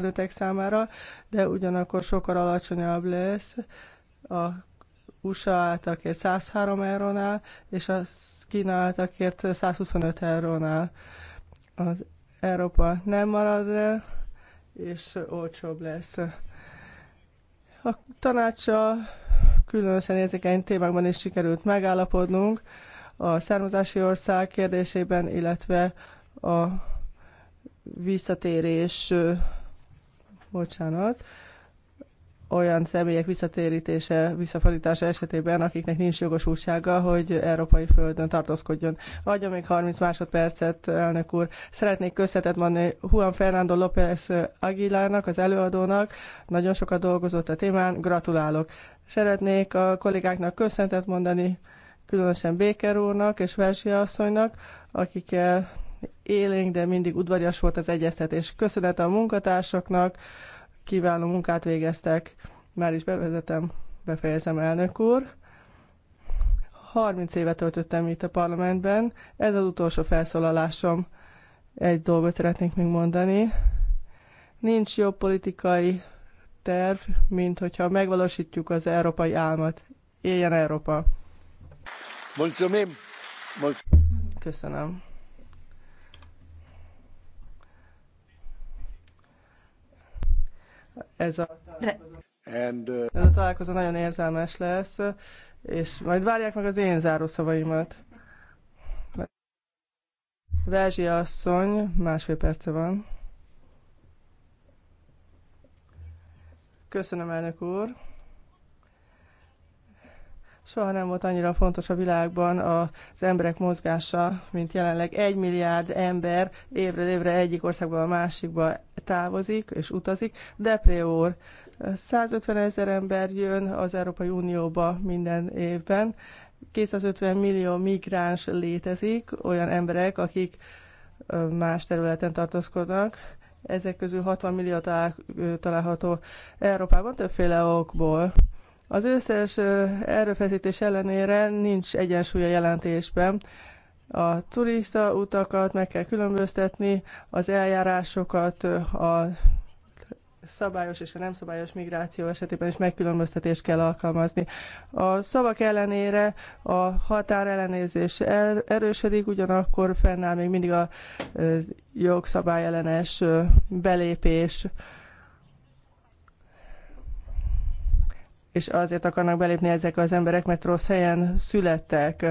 előttek számára, de ugyanakkor sokkal alacsonyabb lesz a USA által kért 103 eurónál, és a Kína által kért 125 eurónál. Az Európa nem marad le, és olcsóbb lesz. A tanácsa különösen érzékeny témákban is sikerült megállapodnunk a származási ország kérdésében, illetve a visszatérés bocsánat, olyan személyek visszatérítése, visszafordítása esetében, akiknek nincs jogosultsága, hogy európai földön tartózkodjon. Adjon még 30 másodpercet, elnök úr. Szeretnék köszönetet mondani Juan Fernando López Aguilarnak, az előadónak. Nagyon sokat dolgozott a témán, gratulálok. Szeretnék a kollégáknak köszönetet mondani, különösen Béker úrnak és Versi asszonynak, akikkel élénk, de mindig udvarias volt az egyeztetés. Köszönet a munkatársaknak, kiváló munkát végeztek. Már is bevezetem, befejezem, elnök úr. 30 éve töltöttem itt a parlamentben, ez az utolsó felszólalásom. Egy dolgot szeretnék még mondani. Nincs jobb politikai terv, mint hogyha megvalósítjuk az európai álmat. Éljen Európa! Köszönöm. Ez a And, uh... ez a találkozó nagyon érzelmes lesz, és majd várják meg az én zárószavaimat. Verzsi asszony, másfél perce van. Köszönöm, elnök úr. Soha nem volt annyira fontos a világban az emberek mozgása, mint jelenleg. Egy milliárd ember évről évre egyik országba a másikba távozik és utazik. Depréor, 150 ezer ember jön az Európai Unióba minden évben. 250 millió migráns létezik, olyan emberek, akik más területen tartózkodnak. Ezek közül 60 millió talál, található Európában többféle okból. Az összes erőfeszítés ellenére nincs egyensúly a jelentésben. A turista utakat meg kell különböztetni, az eljárásokat a szabályos és a nem szabályos migráció esetében is megkülönböztetést kell alkalmazni. A szavak ellenére a határ ellenézés erősödik, ugyanakkor fennáll még mindig a jogszabály ellenes belépés. és azért akarnak belépni ezek az emberek, mert rossz helyen születtek.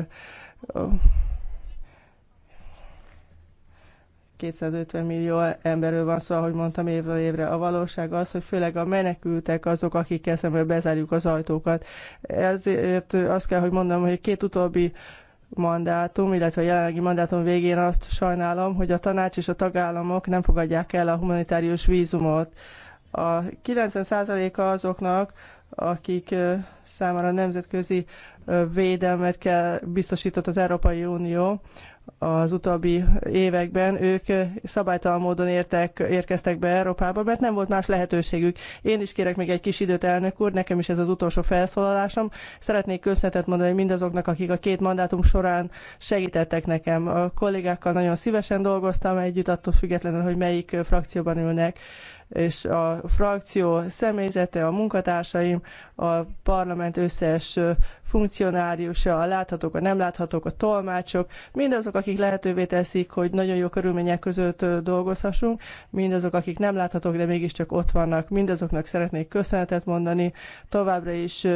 250 millió emberről van szó, ahogy mondtam, évről évre. A valóság az, hogy főleg a menekültek azok, akik szemben bezárjuk az ajtókat. Ezért azt kell, hogy mondom, hogy két utóbbi mandátum, illetve a jelenlegi mandátum végén azt sajnálom, hogy a tanács és a tagállamok nem fogadják el a humanitárius vízumot. A 90%-a azoknak, akik számára nemzetközi védelmet kell biztosított az Európai Unió az utóbbi években, ők szabálytalan módon értek, érkeztek be Európába, mert nem volt más lehetőségük. Én is kérek még egy kis időt, elnök úr, nekem is ez az utolsó felszólalásom. Szeretnék köszönetet mondani mindazoknak, akik a két mandátum során segítettek nekem. A kollégákkal nagyon szívesen dolgoztam együtt, attól függetlenül, hogy melyik frakcióban ülnek és a frakció személyzete, a munkatársaim, a parlament összes funkcionáriusa, a láthatók, a nem láthatók, a tolmácsok, mindazok, akik lehetővé teszik, hogy nagyon jó körülmények között dolgozhassunk, mindazok, akik nem láthatók, de mégiscsak ott vannak, mindazoknak szeretnék köszönetet mondani, továbbra is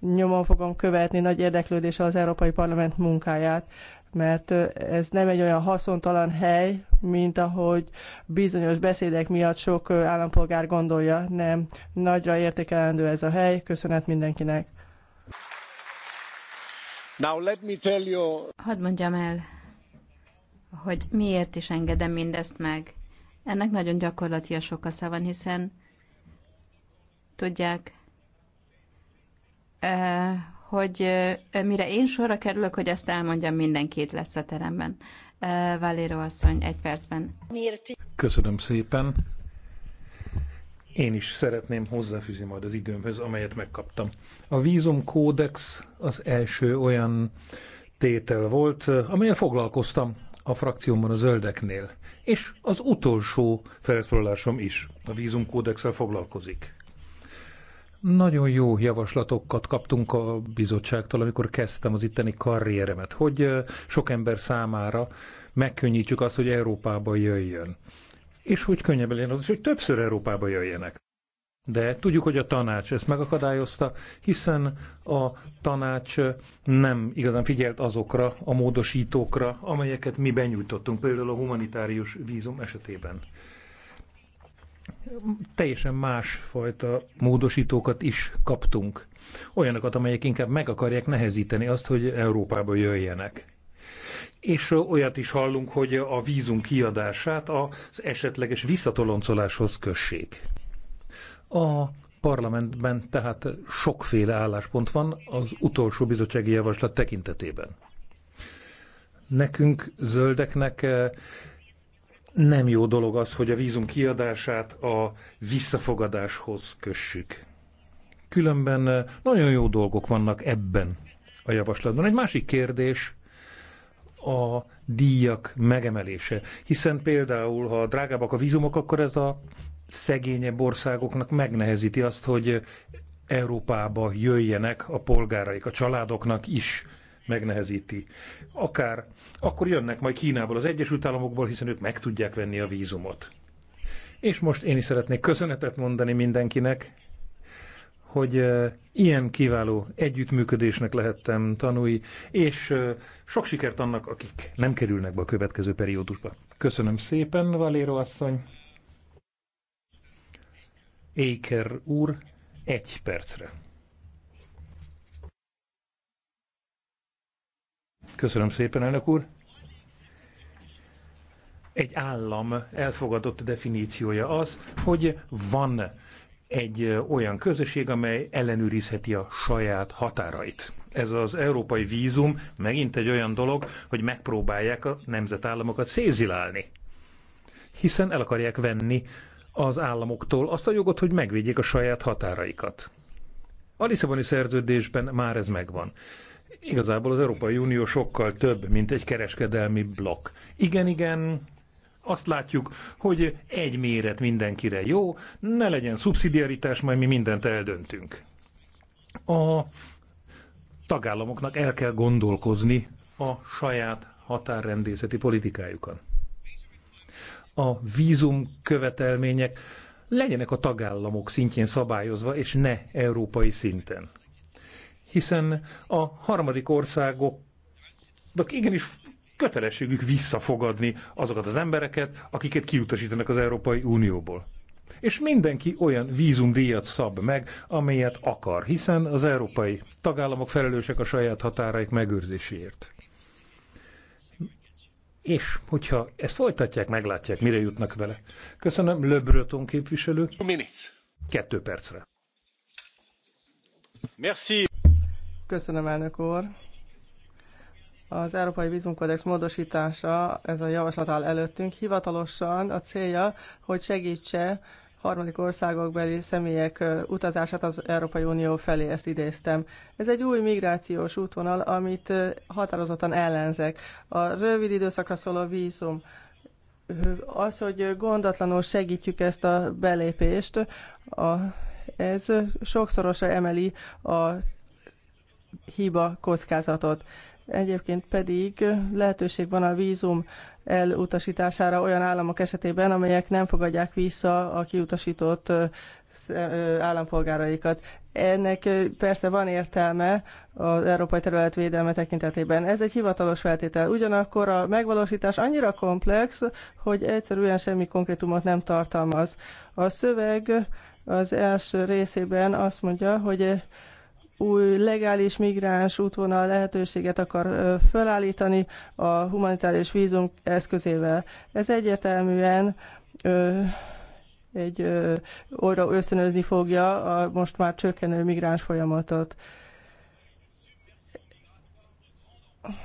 nyomon fogom követni nagy érdeklődéssel az Európai Parlament munkáját mert ez nem egy olyan haszontalan hely, mint ahogy bizonyos beszédek miatt sok állampolgár gondolja. Nem, nagyra értékelendő ez a hely. Köszönet mindenkinek. Now let me tell you... Hadd mondjam el, hogy miért is engedem mindezt meg. Ennek nagyon gyakorlatilag sok oka van, hiszen tudják, hogy mire én sorra kerülök, hogy ezt elmondjam, mindenkit lesz a teremben. Valéro asszony, egy percben. Köszönöm szépen. Én is szeretném hozzáfűzni majd az időmhöz, amelyet megkaptam. A vízumkódex az első olyan tétel volt, amelyen foglalkoztam a frakciómban a zöldeknél, és az utolsó felszólalásom is a vízumkódexel foglalkozik. Nagyon jó javaslatokat kaptunk a bizottságtól, amikor kezdtem az itteni karrieremet, hogy sok ember számára megkönnyítjük azt, hogy Európába jöjjön. És hogy könnyebb legyen az is, hogy többször Európába jöjjenek. De tudjuk, hogy a tanács ezt megakadályozta, hiszen a tanács nem igazán figyelt azokra a módosítókra, amelyeket mi benyújtottunk, például a humanitárius vízum esetében teljesen másfajta módosítókat is kaptunk. Olyanokat, amelyek inkább meg akarják nehezíteni azt, hogy Európába jöjjenek. És olyat is hallunk, hogy a vízum kiadását az esetleges visszatoloncoláshoz kössék. A parlamentben tehát sokféle álláspont van az utolsó bizottsági javaslat tekintetében. Nekünk, zöldeknek nem jó dolog az, hogy a vízum kiadását a visszafogadáshoz kössük. Különben eh, nagyon jó dolgok vannak ebben a javaslatban. Egy másik kérdés a díjak megemelése. Hiszen például, ha drágábbak a vízumok, akkor ez a szegényebb országoknak megnehezíti azt, hogy Európába jöjjenek a polgáraik, a családoknak is megnehezíti. Akár akkor jönnek majd Kínából, az Egyesült Államokból, hiszen ők meg tudják venni a vízumot. És most én is szeretnék köszönetet mondani mindenkinek, hogy ilyen kiváló együttműködésnek lehettem tanulni, és sok sikert annak, akik nem kerülnek be a következő periódusba. Köszönöm szépen, Valéro asszony. Éker úr, egy percre. Köszönöm szépen, elnök úr. Egy állam elfogadott definíciója az, hogy van egy olyan közösség, amely ellenőrizheti a saját határait. Ez az európai vízum megint egy olyan dolog, hogy megpróbálják a nemzetállamokat szézilálni. Hiszen el akarják venni az államoktól azt a jogot, hogy megvédjék a saját határaikat. A Lisszaboni szerződésben már ez megvan. Igazából az Európai Unió sokkal több, mint egy kereskedelmi blokk. Igen, igen, azt látjuk, hogy egy méret mindenkire jó, ne legyen szubszidiaritás, majd mi mindent eldöntünk. A tagállamoknak el kell gondolkozni a saját határrendészeti politikájukon. A vízum követelmények legyenek a tagállamok szintjén szabályozva, és ne európai szinten hiszen a harmadik országoknak igenis kötelességük visszafogadni azokat az embereket, akiket kiutasítanak az Európai Unióból. És mindenki olyan vízumdíjat szab meg, amelyet akar, hiszen az európai tagállamok felelősek a saját határaik megőrzéséért. És hogyha ezt folytatják, meglátják, mire jutnak vele. Köszönöm, Le Breton képviselő. Kettő percre. Merci. Köszönöm, elnök úr. Az Európai Vízumkodex módosítása, ez a javaslat áll előttünk, hivatalosan a célja, hogy segítse harmadik országokbeli személyek utazását az Európai Unió felé, ezt idéztem. Ez egy új migrációs útvonal, amit határozottan ellenzek. A rövid időszakra szóló vízum, az, hogy gondatlanul segítjük ezt a belépést, a, ez sokszorosra emeli a hiba kockázatot. Egyébként pedig lehetőség van a vízum elutasítására olyan államok esetében, amelyek nem fogadják vissza a kiutasított állampolgáraikat. Ennek persze van értelme az európai terület védelme tekintetében. Ez egy hivatalos feltétel. Ugyanakkor a megvalósítás annyira komplex, hogy egyszerűen semmi konkrétumot nem tartalmaz. A szöveg az első részében azt mondja, hogy új legális migráns útvonal lehetőséget akar felállítani a humanitárius vízum eszközével. Ez egyértelműen ö, egy óra ösztönözni fogja a most már csökkenő migráns folyamatot.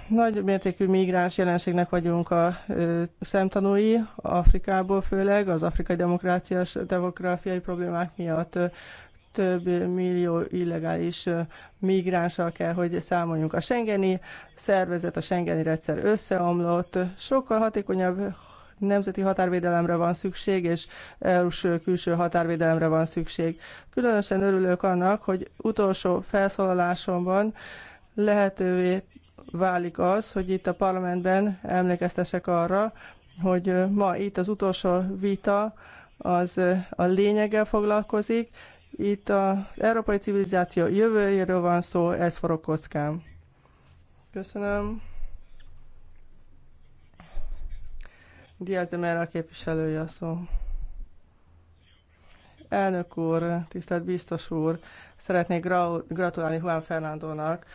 Nagy mértékű migráns jelenségnek vagyunk a ö, szemtanúi, Afrikából főleg, az afrikai demokráciás demográfiai problémák miatt több millió illegális migránssal kell, hogy számoljunk. A Schengeni szervezet, a Schengeni rendszer összeomlott, sokkal hatékonyabb nemzeti határvédelemre van szükség, és EU-s külső határvédelemre van szükség. Különösen örülök annak, hogy utolsó felszólalásomban lehetővé válik az, hogy itt a parlamentben emlékeztesek arra, hogy ma itt az utolsó vita az a lényeggel foglalkozik, itt az európai civilizáció jövőjéről van szó, ez forog kockám. Köszönöm. Diaz de Mera képviselője a szó. Elnök úr, tisztelt biztos úr, szeretnék gratulálni Juan Fernándónak.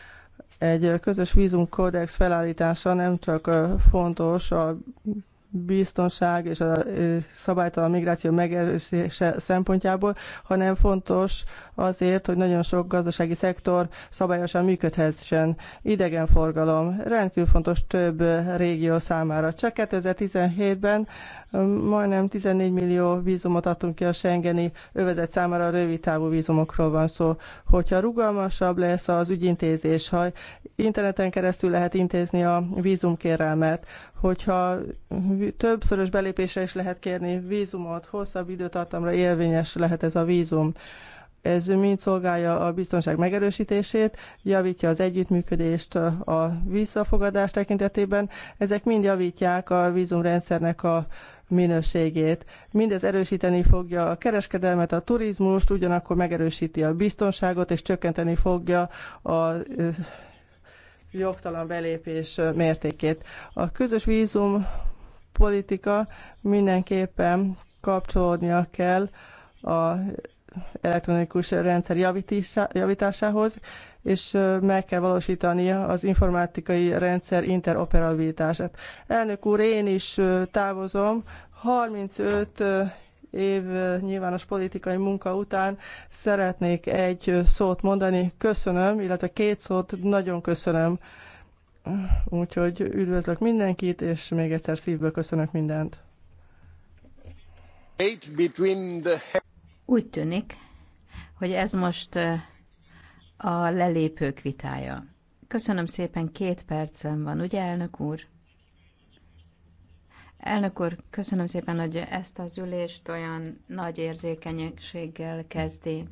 Egy közös vízumkódex felállítása nem csak fontos a biztonság és a szabálytalan migráció megerősítése szempontjából, hanem fontos azért, hogy nagyon sok gazdasági szektor szabályosan működhessen. Idegenforgalom rendkívül fontos több régió számára. Csak 2017-ben Majdnem 14 millió vízumot adtunk ki a Schengeni övezet számára, a rövid távú vízumokról van szó. Hogyha rugalmasabb lesz az ügyintézés, ha interneten keresztül lehet intézni a vízumkérelmet, hogyha többszörös belépésre is lehet kérni vízumot, hosszabb időtartamra érvényes lehet ez a vízum ez mind szolgálja a biztonság megerősítését, javítja az együttműködést a visszafogadás tekintetében. Ezek mind javítják a vízumrendszernek a minőségét. Mindez erősíteni fogja a kereskedelmet, a turizmust, ugyanakkor megerősíti a biztonságot, és csökkenteni fogja a jogtalan belépés mértékét. A közös vízum politika mindenképpen kapcsolódnia kell a elektronikus rendszer javításához, és meg kell valósítani az informatikai rendszer interoperabilitását. Elnök úr, én is távozom. 35 év nyilvános politikai munka után szeretnék egy szót mondani. Köszönöm, illetve két szót nagyon köszönöm. Úgyhogy üdvözlök mindenkit, és még egyszer szívből köszönök mindent. Úgy tűnik, hogy ez most a lelépők vitája. Köszönöm szépen, két percem van, ugye, elnök úr? Elnök úr, köszönöm szépen, hogy ezt az ülést olyan nagy érzékenységgel kezdi.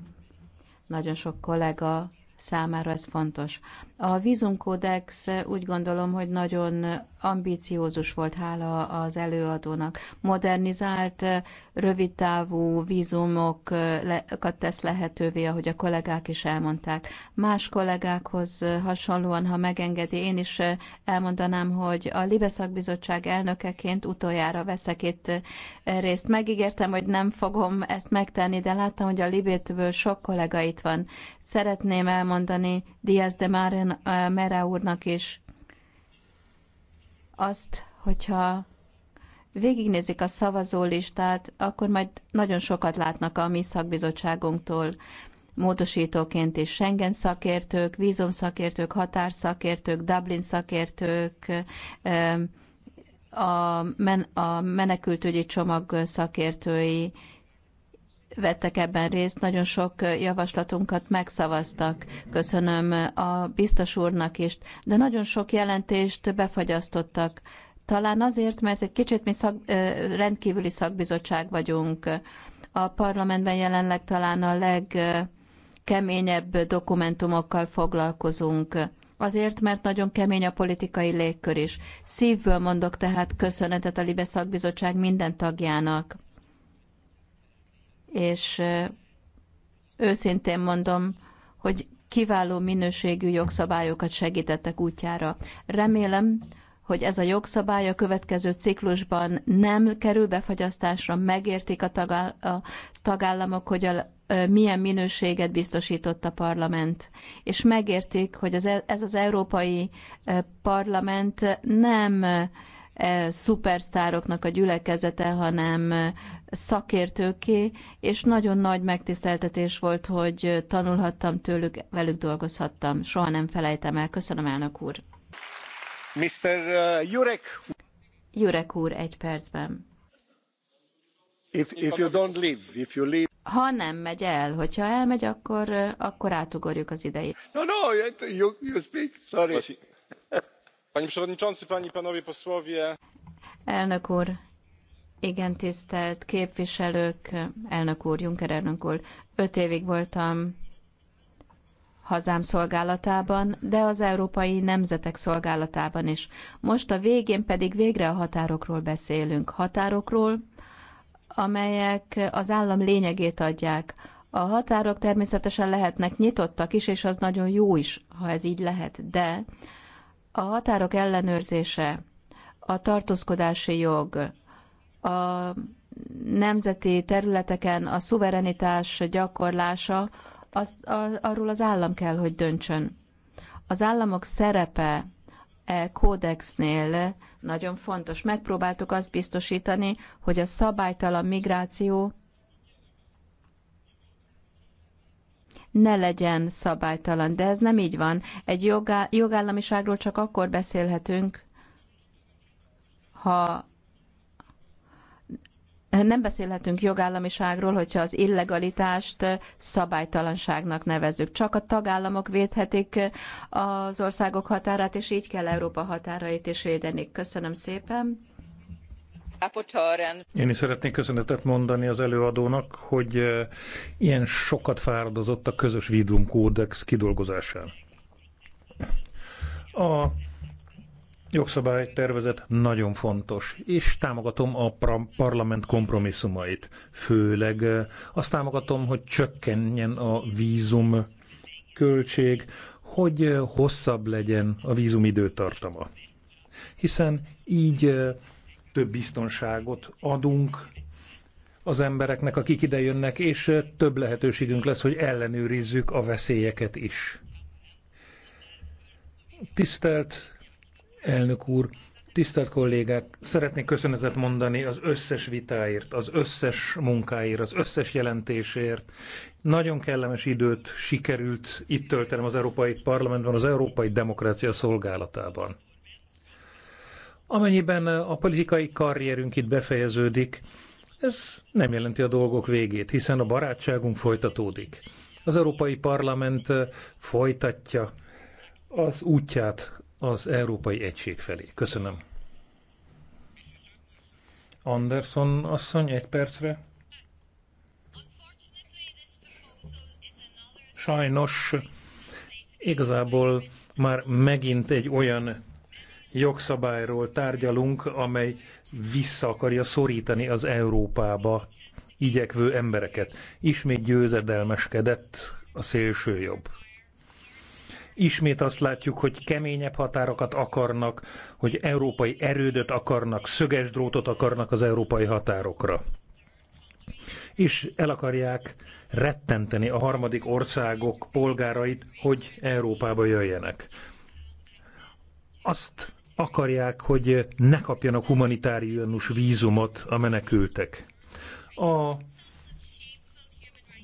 Nagyon sok kollega számára ez fontos. A vízumkódex úgy gondolom, hogy nagyon ambíciózus volt, hála az előadónak. Modernizált, rövidtávú vízumokat tesz lehetővé, ahogy a kollégák is elmondták. Más kollégákhoz hasonlóan, ha megengedi, én is elmondanám, hogy a Libeszak Bizottság elnökeként utoljára veszek itt részt. Megígértem, hogy nem fogom ezt megtenni, de láttam, hogy a Libétből sok kollega itt van. Szeretném elmondani Diaz de Mera úrnak is, azt, hogyha végignézik a szavazólistát, akkor majd nagyon sokat látnak a mi szakbizottságunktól módosítóként is Schengen szakértők, vízum szakértők, határszakértők, Dublin szakértők, a, men, a menekültügyi csomag szakértői, vettek ebben részt, nagyon sok javaslatunkat megszavaztak. Köszönöm a biztos úrnak is, de nagyon sok jelentést befagyasztottak. Talán azért, mert egy kicsit mi szak, rendkívüli szakbizottság vagyunk. A parlamentben jelenleg talán a legkeményebb dokumentumokkal foglalkozunk. Azért, mert nagyon kemény a politikai légkör is. Szívből mondok tehát köszönetet a Libe szakbizottság minden tagjának és őszintén mondom, hogy kiváló minőségű jogszabályokat segítettek útjára. Remélem, hogy ez a jogszabály a következő ciklusban nem kerül befagyasztásra, megértik a, tagáll- a tagállamok, hogy a, milyen minőséget biztosított a parlament. És megértik, hogy e, ez az Európai Parlament nem E, szupersztároknak a gyülekezete, hanem e, szakértőké, és nagyon nagy megtiszteltetés volt, hogy tanulhattam tőlük, velük dolgozhattam. Soha nem felejtem el. Köszönöm, elnök úr. Mr. E, Jurek. Jurek úr, egy percben. If, if you don't leave, if you leave... Ha nem megy el, hogyha elmegy, akkor, akkor átugorjuk az idejét. No, no, you, you speak, sorry. Panie przewodniczący, panie i panowie posłowie. Elnök úr, igen tisztelt képviselők, elnök úr, Juncker elnök úr, öt évig voltam hazám szolgálatában, de az európai nemzetek szolgálatában is. Most a végén pedig végre a határokról beszélünk. Határokról, amelyek az állam lényegét adják. A határok természetesen lehetnek nyitottak is, és az nagyon jó is, ha ez így lehet, de a határok ellenőrzése, a tartózkodási jog, a nemzeti területeken a szuverenitás gyakorlása, az, a, arról az állam kell, hogy döntsön. Az államok szerepe e kódexnél nagyon fontos. Megpróbáltuk azt biztosítani, hogy a szabálytalan migráció ne legyen szabálytalan. De ez nem így van. Egy jogá- jogállamiságról csak akkor beszélhetünk, ha nem beszélhetünk jogállamiságról, hogyha az illegalitást szabálytalanságnak nevezzük. Csak a tagállamok védhetik az országok határát, és így kell Európa határait is védeni. Köszönöm szépen. Én is szeretnék köszönetet mondani az előadónak, hogy eh, ilyen sokat fáradozott a közös Vidum kódex kidolgozásán. A jogszabálytervezet nagyon fontos, és támogatom a parlament kompromisszumait. Főleg eh, azt támogatom, hogy csökkenjen a vízum költség, hogy eh, hosszabb legyen a vízum időtartama. Hiszen így több biztonságot adunk az embereknek, akik ide jönnek, és több lehetőségünk lesz, hogy ellenőrizzük a veszélyeket is. Tisztelt elnök úr, tisztelt kollégák, szeretnék köszönetet mondani az összes vitáért, az összes munkáért, az összes jelentésért. Nagyon kellemes időt sikerült itt töltenem az Európai Parlamentben, az Európai Demokrácia Szolgálatában. Amennyiben a politikai karrierünk itt befejeződik, ez nem jelenti a dolgok végét, hiszen a barátságunk folytatódik. Az Európai Parlament folytatja az útját az Európai Egység felé. Köszönöm. Anderson asszony, egy percre. Sajnos igazából már megint egy olyan jogszabályról tárgyalunk, amely vissza akarja szorítani az Európába igyekvő embereket. Ismét győzedelmeskedett a szélső jobb. Ismét azt látjuk, hogy keményebb határokat akarnak, hogy európai erődöt akarnak, szöges drótot akarnak az európai határokra. És el akarják rettenteni a harmadik országok polgárait, hogy Európába jöjjenek. Azt akarják, hogy ne kapjanak humanitárius vízumot a menekültek. A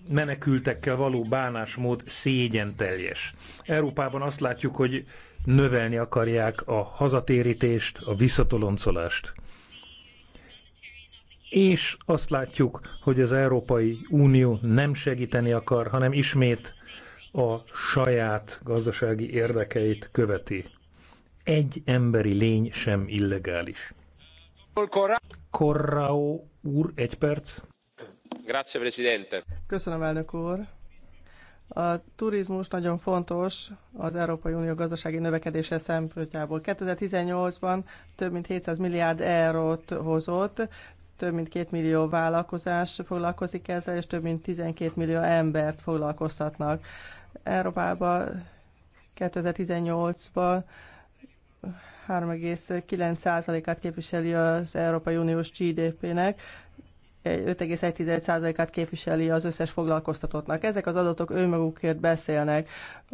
menekültekkel való bánásmód szégyen teljes. Európában azt látjuk, hogy növelni akarják a hazatérítést, a visszatoloncolást. És azt látjuk, hogy az Európai Unió nem segíteni akar, hanem ismét a saját gazdasági érdekeit követi egy emberi lény sem illegális. Corrao úr, egy perc. Grazie, Presidente. Köszönöm, elnök úr. A turizmus nagyon fontos az Európai Unió gazdasági növekedése szempontjából. 2018-ban több mint 700 milliárd eurót hozott, több mint 2 millió vállalkozás foglalkozik ezzel, és több mint 12 millió embert foglalkoztatnak. Európában 2018-ban 3,9%-át képviseli az Európai Uniós GDP-nek, 5,1%-át képviseli az összes foglalkoztatottnak. Ezek az adatok önmagukért beszélnek.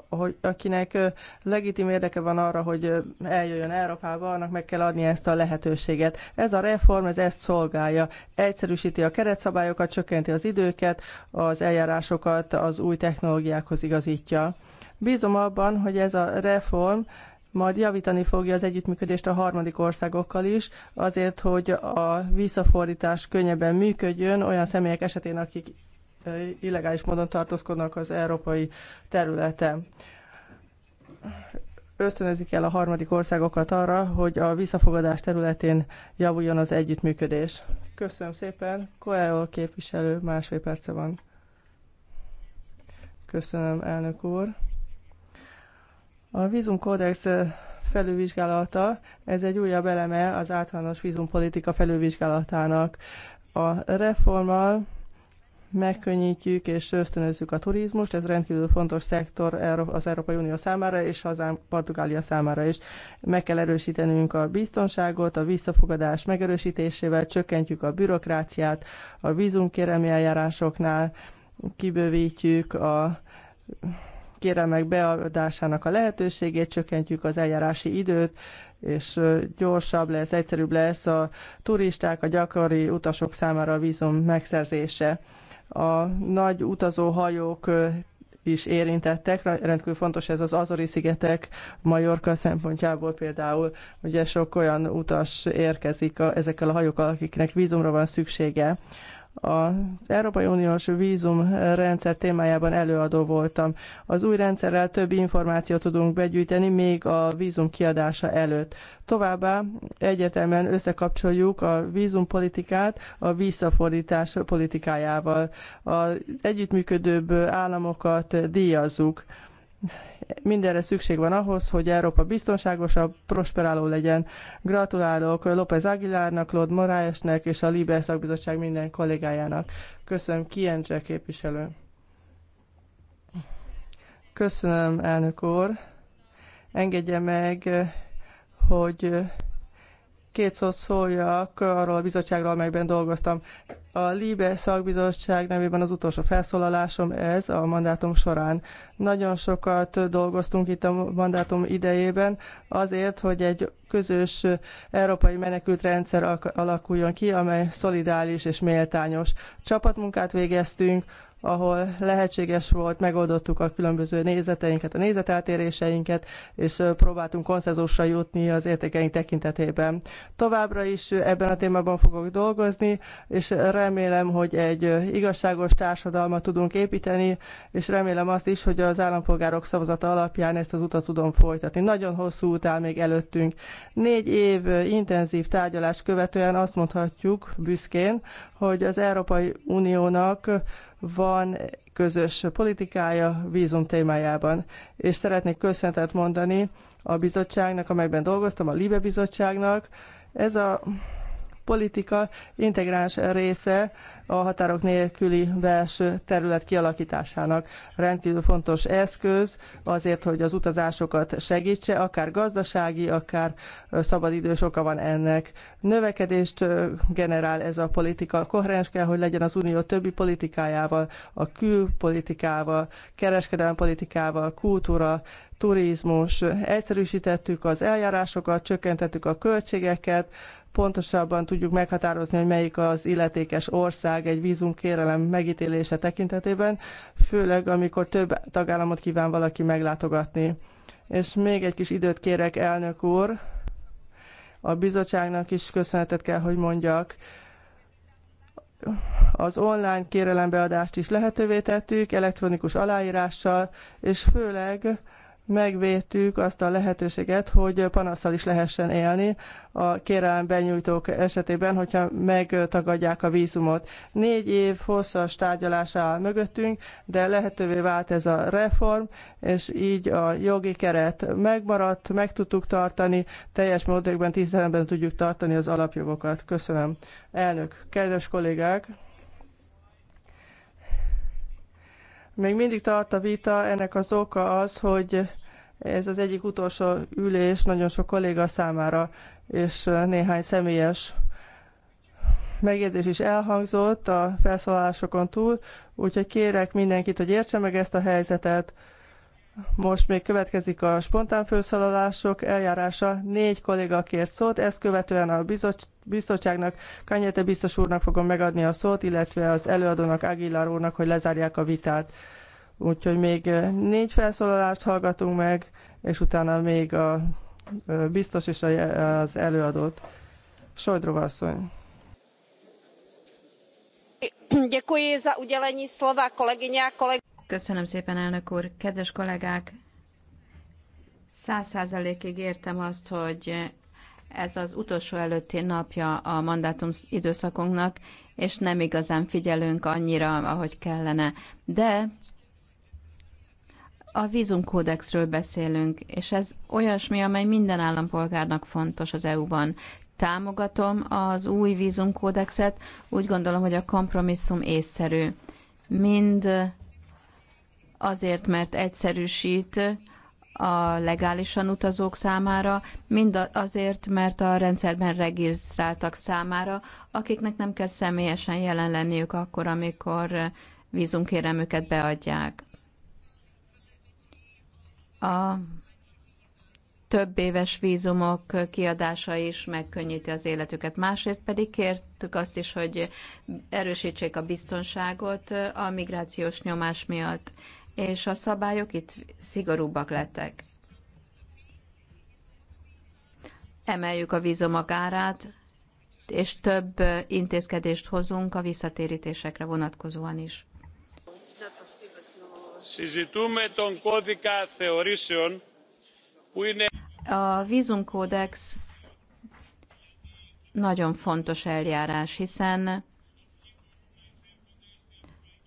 Hogy akinek legitim érdeke van arra, hogy eljöjjön Európába, annak meg kell adni ezt a lehetőséget. Ez a reform, ez ezt szolgálja. Egyszerűsíti a keretszabályokat, csökkenti az időket, az eljárásokat az új technológiákhoz igazítja. Bízom abban, hogy ez a reform majd javítani fogja az együttműködést a harmadik országokkal is, azért, hogy a visszafordítás könnyebben működjön olyan személyek esetén, akik illegális módon tartózkodnak az európai területen. Ösztönözik el a harmadik országokat arra, hogy a visszafogadás területén javuljon az együttműködés. Köszönöm szépen. Koelho képviselő, másfél perce van. Köszönöm, elnök úr. A vízumkódex felülvizsgálata, ez egy újabb eleme az általános vízumpolitika felülvizsgálatának. A reformmal megkönnyítjük és ösztönözzük a turizmust, ez rendkívül fontos szektor az Európai Unió számára és hazánk Portugália számára is. Meg kell erősítenünk a biztonságot, a visszafogadás megerősítésével, csökkentjük a bürokráciát, a vízumkéremi eljárásoknál kibővítjük a kéremek beadásának a lehetőségét, csökkentjük az eljárási időt, és gyorsabb lesz, egyszerűbb lesz a turisták, a gyakori utasok számára a vízum megszerzése. A nagy utazóhajók is érintettek. Rendkívül fontos ez az Azori-szigetek, Majorka szempontjából például. Ugye sok olyan utas érkezik a, ezekkel a hajókkal, akiknek vízumra van szüksége. Az Európai Uniós vízumrendszer témájában előadó voltam. Az új rendszerrel több információt tudunk begyűjteni még a vízum kiadása előtt. Továbbá egyértelműen összekapcsoljuk a vízumpolitikát a visszafordítás politikájával. Az együttműködőbb államokat díjazzuk mindenre szükség van ahhoz, hogy Európa biztonságosabb, prosperáló legyen. Gratulálok López Aguilárnak, Lord Moraesnek és a Libe Szakbizottság minden kollégájának. Köszönöm, Kientre képviselő. Köszönöm, elnök úr. Engedje meg, hogy két szót szóljak arról a bizottságról, amelyben dolgoztam. A Libe szakbizottság nevében az utolsó felszólalásom ez a mandátum során. Nagyon sokat dolgoztunk itt a mandátum idejében azért, hogy egy közös európai menekültrendszer alakuljon ki, amely szolidális és méltányos. Csapatmunkát végeztünk, ahol lehetséges volt, megoldottuk a különböző nézeteinket, a nézeteltéréseinket, és próbáltunk konszenzusra jutni az értékeink tekintetében. Továbbra is ebben a témában fogok dolgozni, és remélem, hogy egy igazságos társadalmat tudunk építeni, és remélem azt is, hogy az állampolgárok szavazata alapján ezt az utat tudom folytatni. Nagyon hosszú út áll még előttünk. Négy év intenzív tárgyalás követően azt mondhatjuk büszkén, hogy az Európai Uniónak van közös politikája vízum témájában. És szeretnék köszöntet mondani a bizottságnak, amelyben dolgoztam, a Libe bizottságnak. Ez a politika integráns része a határok nélküli belső terület kialakításának. Rendkívül fontos eszköz azért, hogy az utazásokat segítse, akár gazdasági, akár szabadidős oka van ennek. Növekedést generál ez a politika. Koherens kell, hogy legyen az unió többi politikájával, a külpolitikával, kereskedelmi politikával, kultúra, turizmus. Egyszerűsítettük az eljárásokat, csökkentettük a költségeket, pontosabban tudjuk meghatározni, hogy melyik az illetékes ország egy vízumkérelem megítélése tekintetében, főleg amikor több tagállamot kíván valaki meglátogatni. És még egy kis időt kérek, elnök úr, a bizottságnak is köszönetet kell, hogy mondjak. Az online kérelembeadást is lehetővé tettük, elektronikus aláírással, és főleg megvédtük azt a lehetőséget, hogy panaszsal is lehessen élni a kérelem benyújtók esetében, hogyha megtagadják a vízumot. Négy év hosszas tárgyalás áll mögöttünk, de lehetővé vált ez a reform, és így a jogi keret megmaradt, meg tudtuk tartani, teljes módokban tisztelemben tudjuk tartani az alapjogokat. Köszönöm. Elnök, kedves kollégák! Még mindig tart a vita, ennek az oka az, hogy ez az egyik utolsó ülés nagyon sok kolléga számára, és néhány személyes megjegyzés is elhangzott a felszólalásokon túl, úgyhogy kérek mindenkit, hogy értse meg ezt a helyzetet. Most még következik a spontán felszólalások eljárása. Négy kolléga kért szót, ezt követően a bizottság bizottságnak, Kanyete biztos úrnak fogom megadni a szót, illetve az előadónak, Aguilar úrnak, hogy lezárják a vitát. Úgyhogy még négy felszólalást hallgatunk meg, és utána még a biztos és az előadót. Sojdrova asszony. Köszönöm szépen, elnök úr. Kedves kollégák, száz százalékig értem azt, hogy ez az utolsó előtti napja a mandátum időszakunknak, és nem igazán figyelünk annyira, ahogy kellene. De a vízumkódexről beszélünk, és ez olyasmi, amely minden állampolgárnak fontos az EU-ban. Támogatom az új vízumkódexet, úgy gondolom, hogy a kompromisszum észszerű. Mind azért, mert egyszerűsít, a legálisan utazók számára, mind azért, mert a rendszerben regisztráltak számára, akiknek nem kell személyesen jelen lenniük akkor, amikor eh, vízunkéremüket beadják. A több éves vízumok kiadása is megkönnyíti az életüket. Másrészt pedig kértük azt is, hogy erősítsék a biztonságot eh, a migrációs nyomás miatt és a szabályok itt szigorúbbak lettek. Emeljük a vízumok árát, és több intézkedést hozunk a visszatérítésekre vonatkozóan is. A vízumkódex nagyon fontos eljárás, hiszen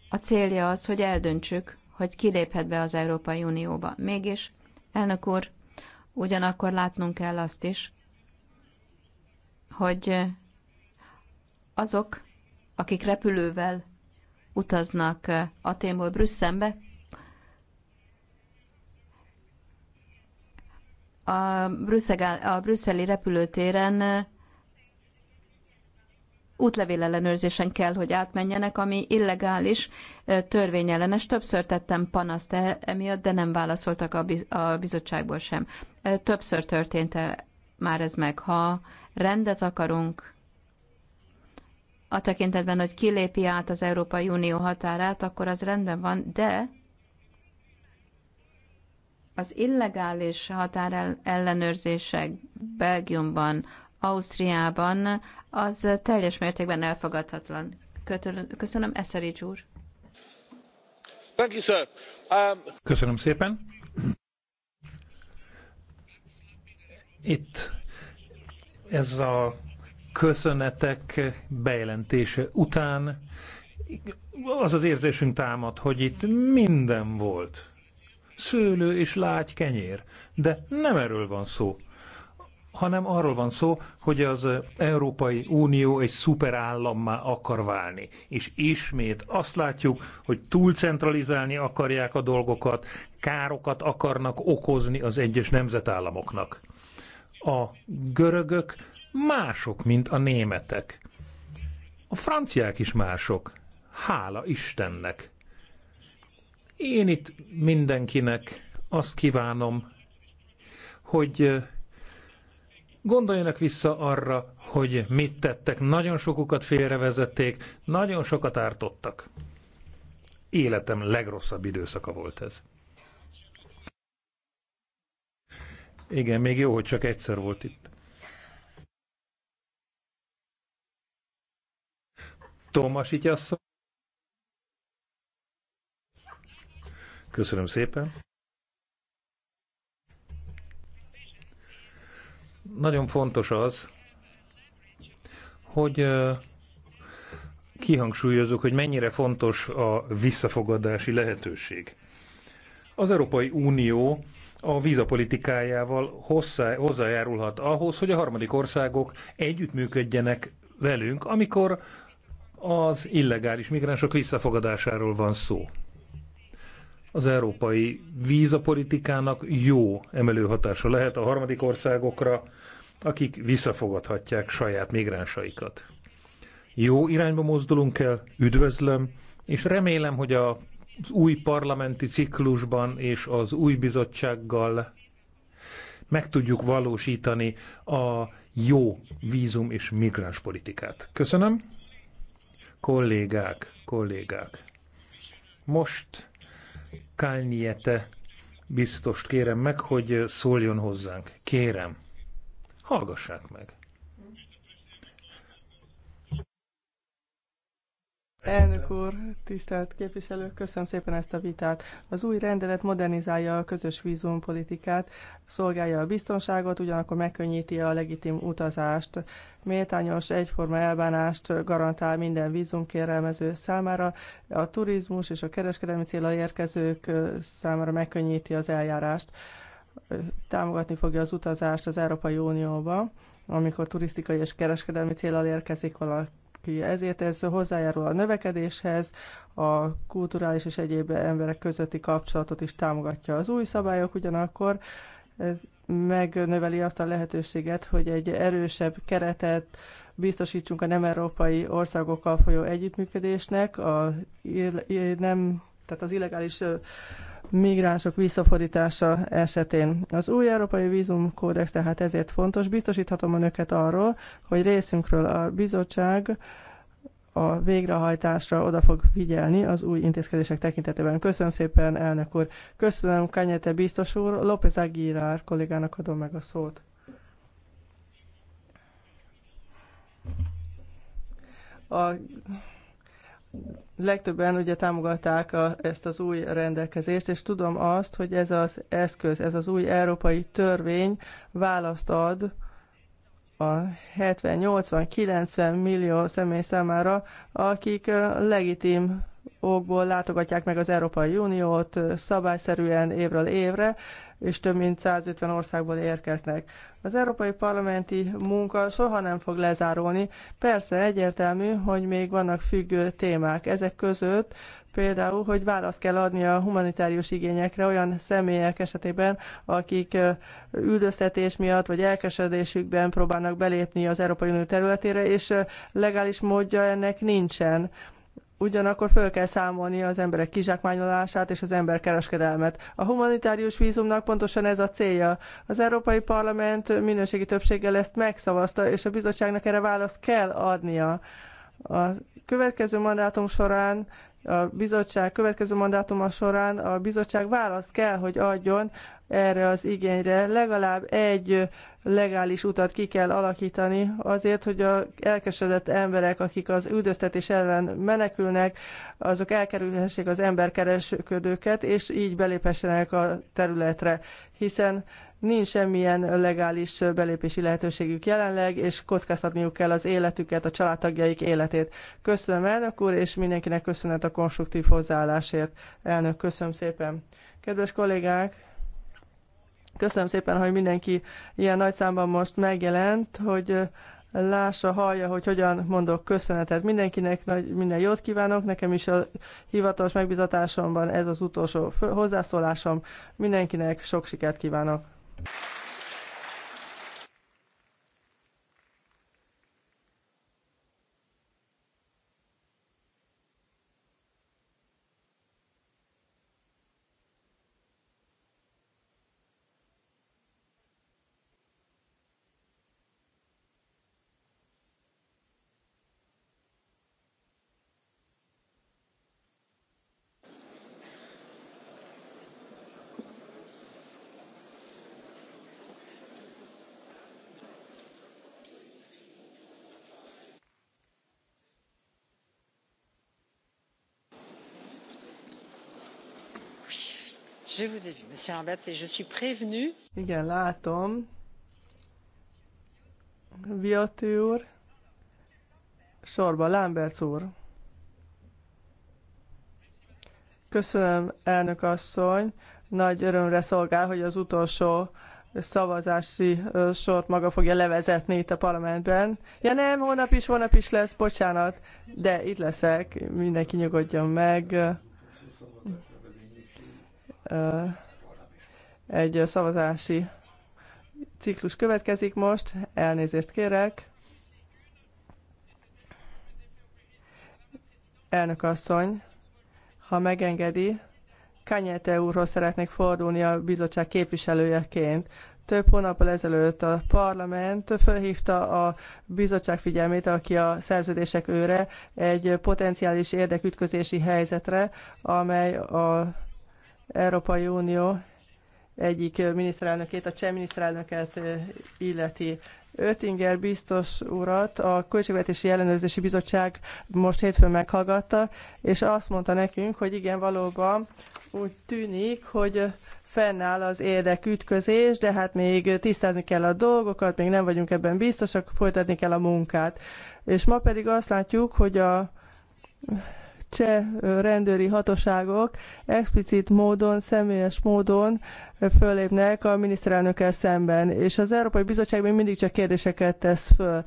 a célja az, hogy eldöntsük, hogy kiléphet be az Európai Unióba. Mégis, elnök úr, ugyanakkor látnunk kell azt is, hogy azok, akik repülővel utaznak Aténból Brüsszelbe, a, a brüsszeli repülőtéren útlevél ellenőrzésen kell, hogy átmenjenek, ami illegális, törvényellenes. Többször tettem panaszt e- emiatt, de nem válaszoltak a, biz- a bizottságból sem. Többször történt -e már ez meg. Ha rendet akarunk, a tekintetben, hogy kilépi át az Európai Unió határát, akkor az rendben van, de az illegális határ Belgiumban, Ausztriában az teljes mértékben elfogadhatatlan. Köszönöm, Eszerics úr. Um, köszönöm szépen. Itt ez a köszönetek bejelentése után az az érzésünk támad, hogy itt minden volt. Szőlő és lágy kenyér. De nem erről van szó hanem arról van szó, hogy az Európai Unió egy szuperállammá akar válni. És ismét azt látjuk, hogy túlcentralizálni akarják a dolgokat, károkat akarnak okozni az egyes nemzetállamoknak. A görögök mások, mint a németek. A franciák is mások. Hála Istennek. Én itt mindenkinek azt kívánom, hogy Gondoljanak vissza arra, hogy mit tettek. Nagyon sokukat félrevezették, nagyon sokat ártottak. Életem legrosszabb időszaka volt ez. Igen, még jó, hogy csak egyszer volt itt. Tomas itt Köszönöm szépen. Nagyon fontos az, hogy kihangsúlyozok, hogy mennyire fontos a visszafogadási lehetőség. Az Európai Unió a vízapolitikájával hozzájárulhat ahhoz, hogy a harmadik országok együttműködjenek velünk, amikor az illegális migránsok visszafogadásáról van szó. Az európai vízapolitikának jó emelő hatása lehet a harmadik országokra, akik visszafogadhatják saját migránsaikat. Jó irányba mozdulunk el, üdvözlöm, és remélem, hogy a az új parlamenti ciklusban és az új bizottsággal meg tudjuk valósítani a jó vízum és migránspolitikát. Köszönöm. Kollégák, kollégák. Most Kányiete biztost kérem meg, hogy szóljon hozzánk. Kérem. Hallgassák meg. Elnök úr, tisztelt képviselő, köszönöm szépen ezt a vitát. Az új rendelet modernizálja a közös vízumpolitikát, szolgálja a biztonságot, ugyanakkor megkönnyíti a legitim utazást. Méltányos egyforma elbánást garantál minden vízumkérelmező számára, a turizmus és a kereskedelmi célra érkezők számára megkönnyíti az eljárást támogatni fogja az utazást az Európai Unióba, amikor turisztikai és kereskedelmi célral érkezik valaki. Ezért ez hozzájárul a növekedéshez, a kulturális és egyéb emberek közötti kapcsolatot is támogatja az új szabályok, ugyanakkor megnöveli azt a lehetőséget, hogy egy erősebb keretet biztosítsunk a nem európai országokkal folyó együttműködésnek, a, nem, tehát az illegális migránsok visszafordítása esetén. Az új Európai Vízumkódex tehát ezért fontos. Biztosíthatom önöket arról, hogy részünkről a bizottság a végrehajtásra oda fog figyelni az új intézkedések tekintetében. Köszönöm szépen, elnök úr. Köszönöm, Kanyete biztos úr. López Aguilar kollégának adom meg a szót. A legtöbben ugye támogatták a, ezt az új rendelkezést, és tudom azt, hogy ez az eszköz, ez az új európai törvény választ ad a 70-80-90 millió személy számára, akik legitim okból látogatják meg az Európai Uniót szabályszerűen évről évre, és több mint 150 országból érkeznek. Az európai parlamenti munka soha nem fog lezárulni. Persze egyértelmű, hogy még vannak függő témák. Ezek között például, hogy választ kell adni a humanitárius igényekre olyan személyek esetében, akik üldöztetés miatt vagy elkesedésükben próbálnak belépni az Európai Unió területére, és legális módja ennek nincsen Ugyanakkor föl kell számolni az emberek kizsákmányolását és az emberkereskedelmet. A humanitárius vízumnak pontosan ez a célja. Az Európai Parlament minőségi többséggel ezt megszavazta, és a bizottságnak erre választ kell adnia. A következő mandátum során a bizottság következő mandátuma során a bizottság választ kell, hogy adjon erre az igényre. Legalább egy legális utat ki kell alakítani azért, hogy a elkesedett emberek, akik az üldöztetés ellen menekülnek, azok elkerülhessék az emberkereskedőket, és így beléphessenek a területre, hiszen nincs semmilyen legális belépési lehetőségük jelenleg, és kockáztatniuk kell az életüket, a családtagjaik életét. Köszönöm elnök úr, és mindenkinek köszönet a konstruktív hozzáállásért. Elnök, köszönöm szépen. Kedves kollégák! Köszönöm szépen, hogy mindenki ilyen nagy számban most megjelent, hogy lássa, hallja, hogy hogyan mondok köszönetet mindenkinek, nagy, minden jót kívánok, nekem is a hivatalos megbizatásomban ez az utolsó hozzászólásom, mindenkinek sok sikert kívánok! Igen, látom. Viatő úr. Sorba, Lambert úr. Köszönöm, elnök asszony. Nagy örömre szolgál, hogy az utolsó szavazási sort maga fogja levezetni itt a parlamentben. Ja nem, holnap is, holnap is lesz, bocsánat, de itt leszek, mindenki nyugodjon meg egy szavazási ciklus következik most. Elnézést kérek. Elnök asszony, ha megengedi, Kanyete úrhoz szeretnék fordulni a bizottság képviselőjeként. Több hónappal ezelőtt a parlament felhívta a bizottság figyelmét, aki a szerződések őre, egy potenciális érdekütközési helyzetre, amely a Európai Unió egyik miniszterelnökét, a cseh miniszterelnöket eh, illeti. Öttinger biztos urat a Költségvetési Ellenőrzési Bizottság most hétfőn meghallgatta, és azt mondta nekünk, hogy igen, valóban úgy tűnik, hogy fennáll az érdekütközés, de hát még tisztázni kell a dolgokat, még nem vagyunk ebben biztosak, folytatni kell a munkát. És ma pedig azt látjuk, hogy a cseh rendőri hatóságok explicit módon, személyes módon fölépnek a miniszterelnökkel szemben, és az Európai Bizottság még mindig csak kérdéseket tesz föl.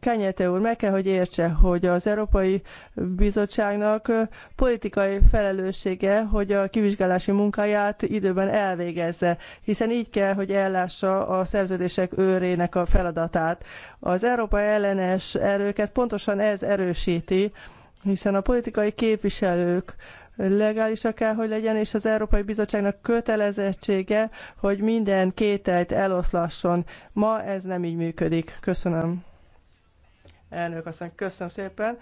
Kenyete úr, meg kell, hogy értse, hogy az Európai Bizottságnak politikai felelőssége, hogy a kivizsgálási munkáját időben elvégezze, hiszen így kell, hogy ellássa a szerződések őrének a feladatát. Az Európa ellenes erőket pontosan ez erősíti, hiszen a politikai képviselők legálisak kell, hogy legyen, és az Európai Bizottságnak kötelezettsége, hogy minden kételt eloszlasson. Ma ez nem így működik. Köszönöm. Elnök asszony, köszönöm szépen.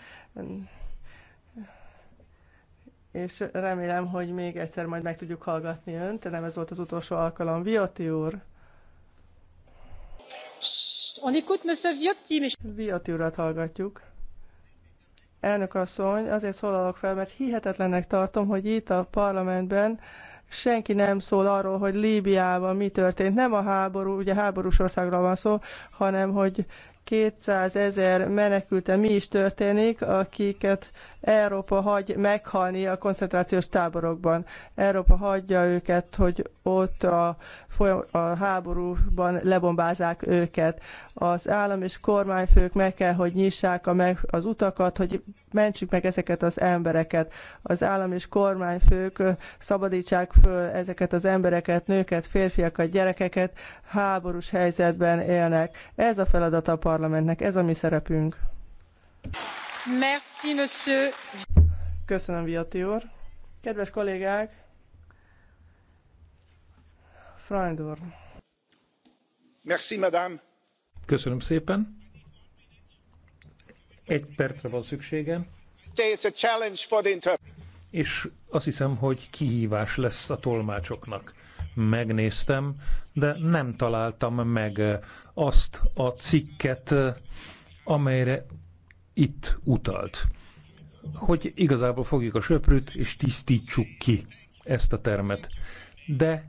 És remélem, hogy még egyszer majd meg tudjuk hallgatni önt, nem ez volt az utolsó alkalom. Vioti úr! On Viotti urat hallgatjuk. Elnök asszony, azért szólalok fel, mert hihetetlennek tartom, hogy itt a parlamentben senki nem szól arról, hogy Líbiában mi történt. Nem a háború, ugye háborús országról van szó, hanem hogy 200 ezer menekülte mi is történik, akiket Európa hagy meghalni a koncentrációs táborokban. Európa hagyja őket, hogy ott a, folyam, a háborúban lebombázák őket. Az állam és kormányfők meg kell, hogy nyissák a meg, az utakat, hogy mentsük meg ezeket az embereket. Az állam és kormányfők szabadítsák föl ezeket az embereket, nőket, férfiakat, gyerekeket, háborús helyzetben élnek. Ez a feladat a parlamentnek, ez a mi szerepünk. Merci, monsieur. Köszönöm, Viati úr. Kedves kollégák, Freund Merci, madame. Köszönöm szépen. Egy percre van szükségem. It's a challenge for the és azt hiszem, hogy kihívás lesz a tolmácsoknak megnéztem, de nem találtam meg azt a cikket, amelyre itt utalt. Hogy igazából fogjuk a söprűt, és tisztítsuk ki ezt a termet. De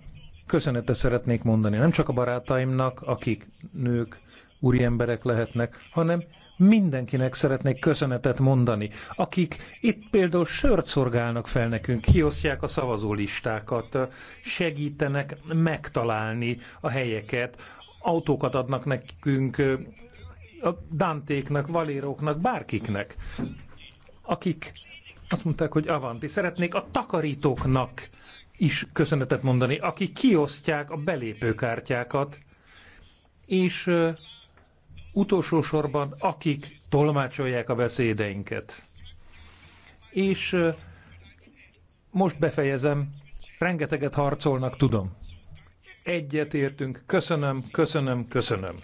köszönetet szeretnék mondani nem csak a barátaimnak, akik nők, úriemberek lehetnek, hanem mindenkinek szeretnék köszönetet mondani, akik itt például sört szorgálnak fel nekünk, kiosztják a szavazólistákat, segítenek megtalálni a helyeket, autókat adnak nekünk, a Dantéknak, Valéróknak, bárkiknek, akik azt mondták, hogy avanti, szeretnék a takarítóknak is köszönetet mondani, akik kiosztják a belépőkártyákat, és utolsó sorban akik tolmácsolják a beszédeinket. És most befejezem, rengeteget harcolnak, tudom. Egyet értünk, köszönöm, köszönöm, köszönöm.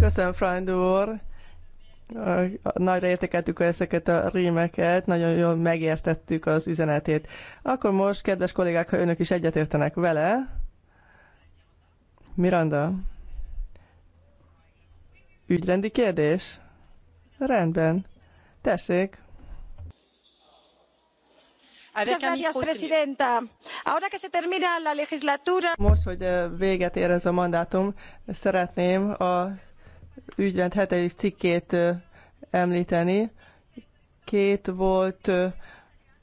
Köszönöm, Freund úr. Nagyra értékeltük ezeket a rímeket, nagyon jól megértettük az üzenetét. Akkor most, kedves kollégák, ha önök is egyetértenek vele, Miranda, ügyrendi kérdés? Rendben. Tessék most hogy eh, véget ér ez a mandátum szeretném a ügyrend hetedik cikkét eh, említeni. Két volt eh,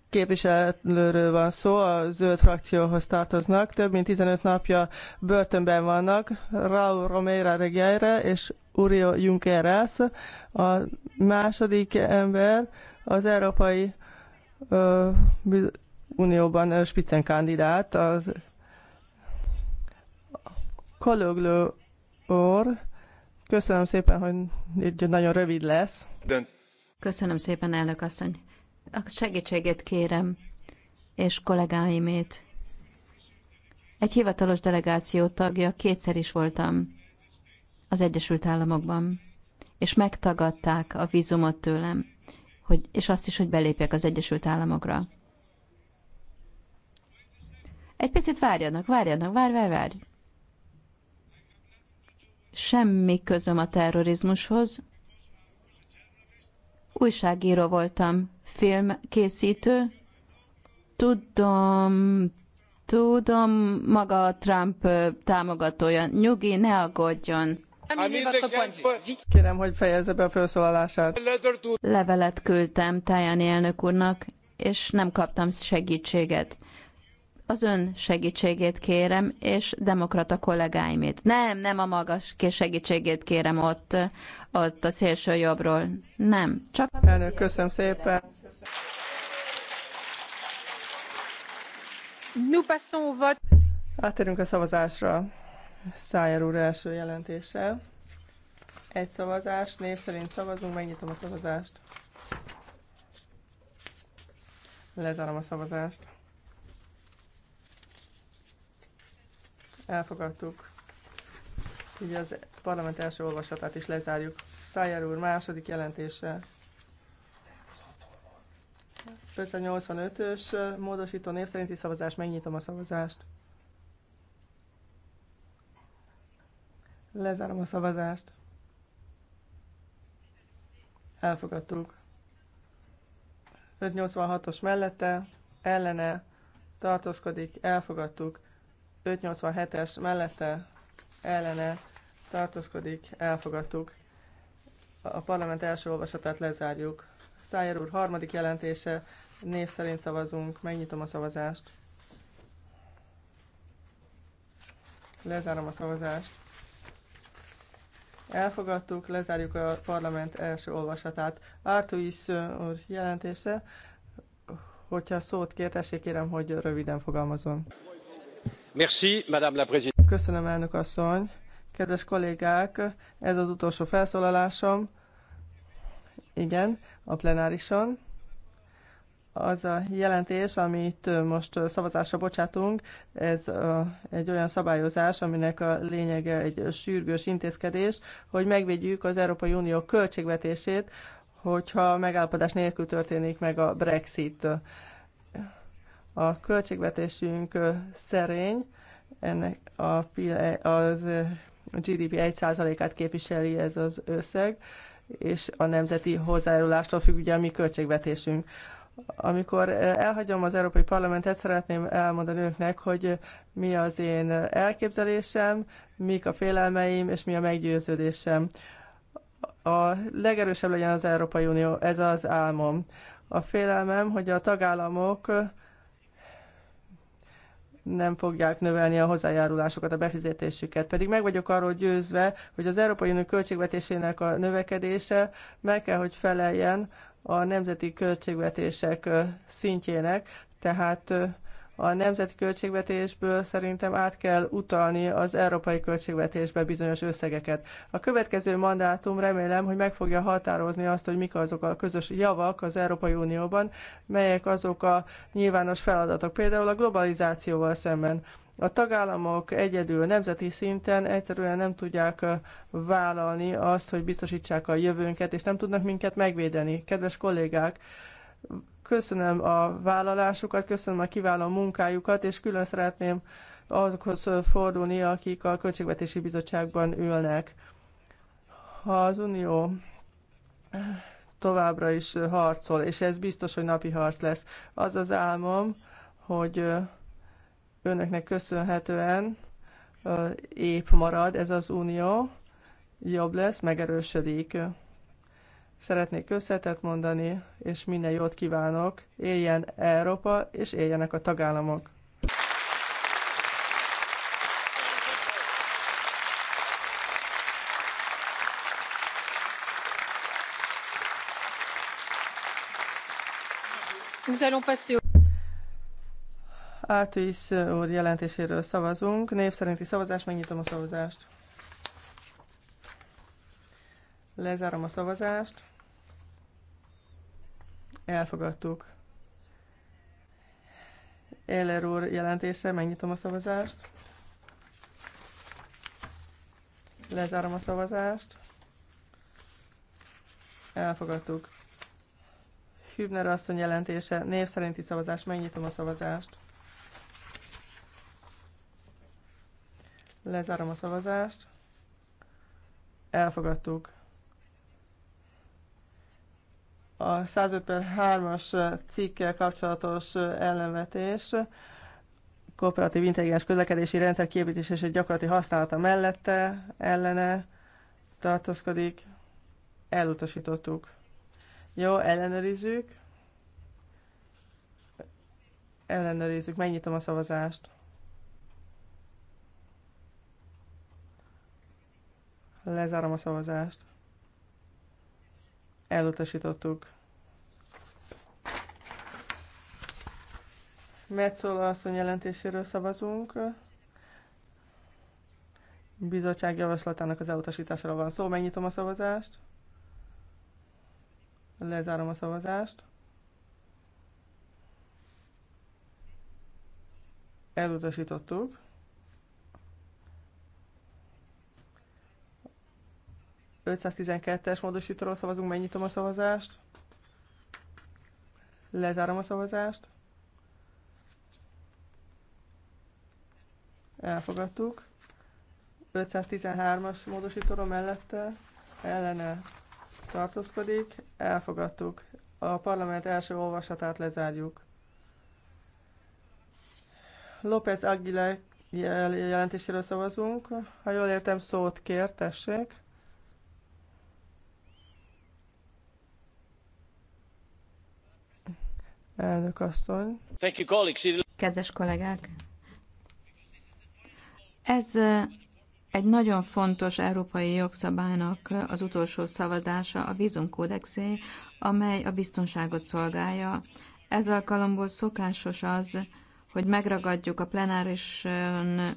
képviselőről van szó, a zöld frakcióhoz tartoznak, több mint 15 napja börtönben vannak, Raúl Romera Regueira és Uriel Junqueras. A második ember az Európai Unióban spicen kandidát, az Kolöglő Orr, köszönöm szépen, hogy nagyon rövid lesz. Köszönöm szépen, elnök asszony. A segítségét kérem, és kollégáimét. Egy hivatalos delegáció tagja, kétszer is voltam az Egyesült Államokban, és megtagadták a vízumot tőlem hogy, és azt is, hogy belépjek az Egyesült Államokra. Egy picit várjanak, várjanak, várj, várj, várj. Semmi közöm a terrorizmushoz. Újságíró voltam, filmkészítő. Tudom, tudom, maga a Trump támogatója. Nyugi, ne aggódjon. Kérem, hogy fejezze be a felszólalását. Levelet küldtem Tajani elnök úrnak, és nem kaptam segítséget. Az ön segítségét kérem, és demokrata kollégáimét. Nem, nem a magas segítségét kérem ott, ott a szélső jobbról. Nem, csak... Elnök, köszönöm szépen. Nous passons au vote. Átérünk a szavazásra. Szájer úr első jelentése. Egy szavazás, név szerint szavazunk, megnyitom a szavazást. Lezárom a szavazást. Elfogadtuk. Így az parlament első olvasatát is lezárjuk. Szájer úr második jelentése. 585-ös módosító név szerinti szavazás, megnyitom a szavazást. Lezárom a szavazást. Elfogadtuk. 586-os mellette, ellene, tartózkodik, elfogadtuk. 587-es mellette, ellene, tartózkodik, elfogadtuk. A parlament első olvasatát lezárjuk. Szájer úr harmadik jelentése, név szerint szavazunk, megnyitom a szavazást. Lezárom a szavazást. Elfogadtuk, lezárjuk a parlament első olvasatát. Ártú is úr jelentése, hogyha szót kér, kérem, hogy röviden fogalmazom. Merci, Madame la Présidente. Köszönöm, elnök asszony. Kedves kollégák, ez az utolsó felszólalásom. Igen, a plenárison az a jelentés, amit most szavazásra bocsátunk, ez egy olyan szabályozás, aminek a lényege egy sürgős intézkedés, hogy megvédjük az Európai Unió költségvetését, hogyha megállapodás nélkül történik meg a Brexit. A költségvetésünk szerény, ennek a, az GDP 1%-át képviseli ez az összeg, és a nemzeti hozzájárulástól függ ugye a mi költségvetésünk amikor eh, elhagyom az Európai Parlamentet, szeretném elmondani önöknek, hogy mi az én elképzelésem, mik a félelmeim, és mi a meggyőződésem. A legerősebb legyen az Európai Unió, ez az álmom. A félelmem, hogy a tagállamok nem fogják növelni a hozzájárulásokat, a befizetésüket. Pedig meg vagyok arról győzve, hogy az Európai Unió költségvetésének a növekedése meg kell, hogy feleljen a nemzeti költségvetések szintjének, tehát a nemzeti költségvetésből szerintem át kell utalni az európai költségvetésbe bizonyos összegeket. A következő mandátum remélem, hogy meg fogja határozni azt, hogy mik azok a közös javak az Európai Unióban, melyek azok a nyilvános feladatok, például a globalizációval szemben. A tagállamok egyedül nemzeti szinten egyszerűen nem tudják vállalni azt, hogy biztosítsák a jövőnket, és nem tudnak minket megvédeni. Kedves kollégák, köszönöm a vállalásukat, köszönöm a kiváló munkájukat, és külön szeretném azokhoz fordulni, akik a Költségvetési Bizottságban ülnek. Ha az Unió továbbra is harcol, és ez biztos, hogy napi harc lesz, az az álmom, hogy önöknek köszönhetően épp marad ez az unió, jobb lesz, megerősödik. Szeretnék köszönetet mondani, és minden jót kívánok. Éljen Európa, és éljenek a tagállamok. Nous allons passer Átis úr jelentéséről szavazunk. Név szerinti szavazás, megnyitom a szavazást. Lezárom a szavazást. Elfogadtuk. Eller úr jelentése, megnyitom a szavazást. Lezárom a szavazást. Elfogadtuk. Hübner asszony jelentése, név szerinti szavazás, megnyitom a szavazást. Lezárom a szavazást. Elfogadtuk. A 105 per 3-as cikkel kapcsolatos ellenvetés kooperatív intelligens közlekedési rendszer kiépítés és egy gyakorlati használata mellette, ellene tartózkodik. Elutasítottuk. Jó, ellenőrizzük. Ellenőrizzük, megnyitom a szavazást. Lezárom a szavazást. Elutasítottuk. Metzola asszony jelentéséről szavazunk. Bizottság javaslatának az elutasítására van szó. Megnyitom a szavazást. Lezárom a szavazást. Elutasítottuk. 512-es módosítóról szavazunk, megnyitom a szavazást. Lezárom a szavazást. Elfogadtuk. 513-as módosítóra mellette ellene tartózkodik. Elfogadtuk. A parlament első olvasatát lezárjuk. López Aguilar jelentéséről szavazunk. Ha jól értem, szót kér, tessék. elnök asszony. Kedves kollégák! Ez egy nagyon fontos európai jogszabálynak az utolsó szavazása a vízumkódexé, amely a biztonságot szolgálja. Ez alkalomból szokásos az, hogy megragadjuk a plenáris